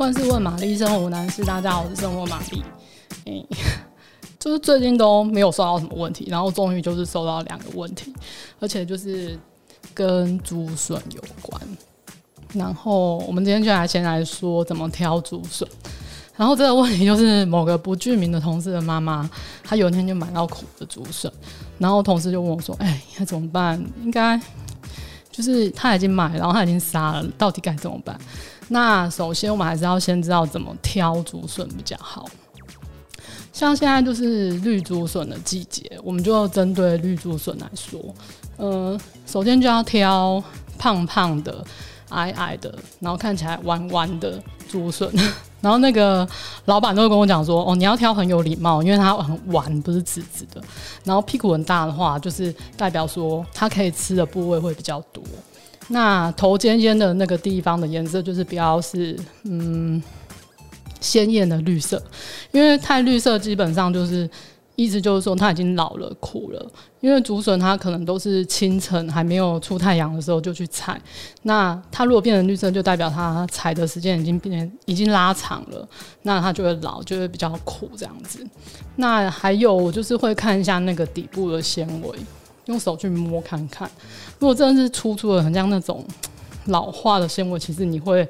萬事問瑪麗，生活無難事。大家好，我是生活瑪麗。誒、欸，就是最近都沒有收到什麼問題，然後終於就是收到兩個問題，而且就是跟竹筍有關。然後我們今天就來先來說怎麼挑竹筍。然後這個問題就是某個不具名的同事的媽媽，她有一天就買到苦的竹筍，然後同事就問我說：“哎、欸，那怎麼辦？”應該。就是他已經買了，然後他已經殺了，到底該怎麼辦？那首先我們還是要先知道怎麼挑竹筍比較好。像現在就是綠竹筍的季節，我們就針對綠竹筍來說，呃，首先就要挑胖胖的、矮矮的，然後看起來彎彎的竹筍。然後那個老闆都會跟我講說，哦，你要挑很有禮貌，因為它很彎，不是直直的。然後屁股很大的話，就是代表說它可以吃的部位會比較多。那頭尖尖的那個地方的顏色就是比較是嗯鮮豔的綠色，因為太綠色基本上就是。意思就是說，它已經老了、苦了。因為竹筍它可能都是清晨還沒有出太陽的時候就去採，那它如果變成綠色，就代表它採的時間已經變成已經拉長了，那它就會老，就會比較苦這樣子。那還有，我就是會看一下那個底部的纖維，用手去摸看看，如果真的是粗粗的，很像那種。老化的纖維其實你會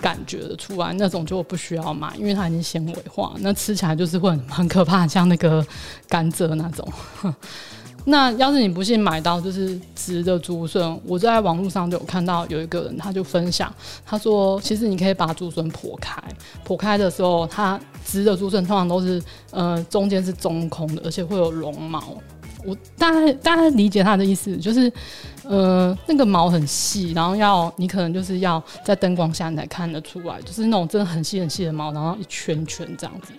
感覺得出來，那種就不需要買，因為它已經纖維化。那吃起來就是會很很可怕，像那個甘蔗那種。 那要是你不信，買到就是直的竹筍，我在網絡上就有看到有一個人他就分享，他說其實你可以把竹筍剖開，剖開的時候它直的竹筍通常都是呃中間是中空的，而且會有絨毛。我大概大概理解他的意思，就是，呃，那個毛很細，然後要你可能就是要在燈光下你才看得出來，就是那種真的很細很細的毛，然後一圈圈這樣子。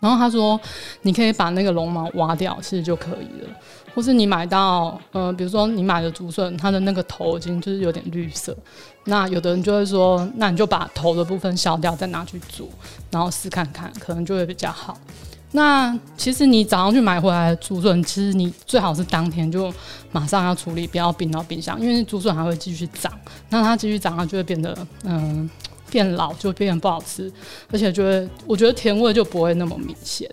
然後他說，你可以把那個絨毛挖掉，其實就可以了。或是你買到，呃，比如說你買的竹筍，它的那個頭已經就是有點綠色，那有的人就會說，那你就把頭的部分削掉，再拿去煮，然後試看看，可能就會比較好。那其實你早上去買回來的竹筍，其實你最好是當天就馬上要處理，不要冰到冰箱，因為竹筍還會繼續長。那它繼續長，它就會變得嗯、呃、變老，就變得不好吃，而且就會我覺得甜味就不會那麼明顯。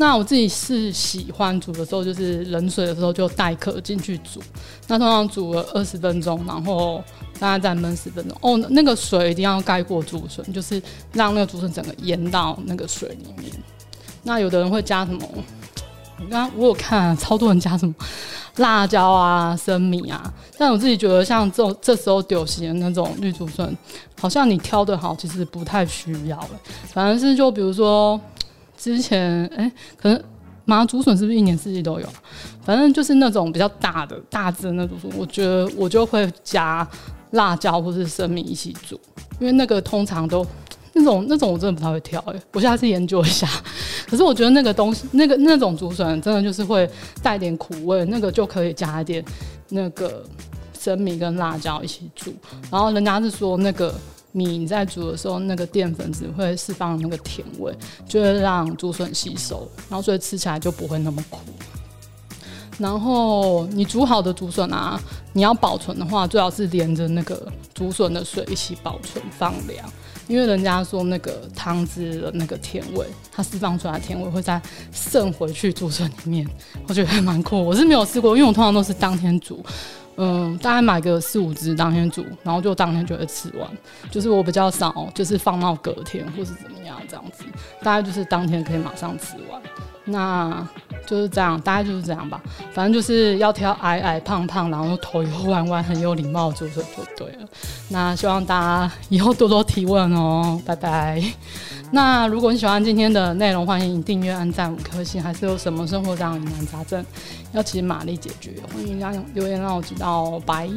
那我自己是喜歡煮的時候，就是冷水的時候就帶殼進去煮。那通常煮了二十分鐘，然後大概再燜十分鐘。哦，那個水一定要蓋過竹筍，就是讓那個竹筍整個淹到那個水裡面。那有的人會加什麼？我剛我有看啊，超多人加什麼辣椒啊、生米啊。但我自己覺得，像這種這時候流行的那種綠竹筍，好像你挑得好，其實不太需要了欸。反正是就比如說。之前哎、欸，可能麻竹筍是不是一年四季都有、啊？反正就是那種比較大的、大隻的那種筍，我覺得我就會加辣椒或是生米一起煮，因為那個通常都那種那種我真的不太會挑誒、欸，我下次研究一下。可是我覺得那個東西，那個那種竹筍真的就是會帶點苦味，那個就可以加一點那個生米跟辣椒一起煮，然後人家是說那個。米在煮的時候，那個澱粉只會釋放那個甜味，就會讓竹筍吸收，然後所以吃起來就不會那麼苦。然後你煮好的竹筍啊，你要保存的話，最好是連着那個竹筍的水一起保存放涼，因為人家說那個湯汁的那個甜味，它釋放出來的甜味會再滲回去竹筍裡面，我覺得還蠻酷。我是沒有試過，因為我通常都是當天煮。嗯，大概買個四五隻當天煮，然後就當天就會吃完。就是我比較少，就是放到隔天或是怎麼樣這樣子，大概就是當天可以馬上吃完。那就是這樣，大概就是這樣吧。反正就是要挑矮矮胖胖，然後頭又彎彎，很有禮貌的竹就對了。那希望大家以後多多提問哦，拜拜。那如果你喜歡今天的內容，歡迎訂閱、按讚五顆星。還是有什麼生活上的疑難雜症要請瑪麗解決，歡迎大家留言讓我知道。拜。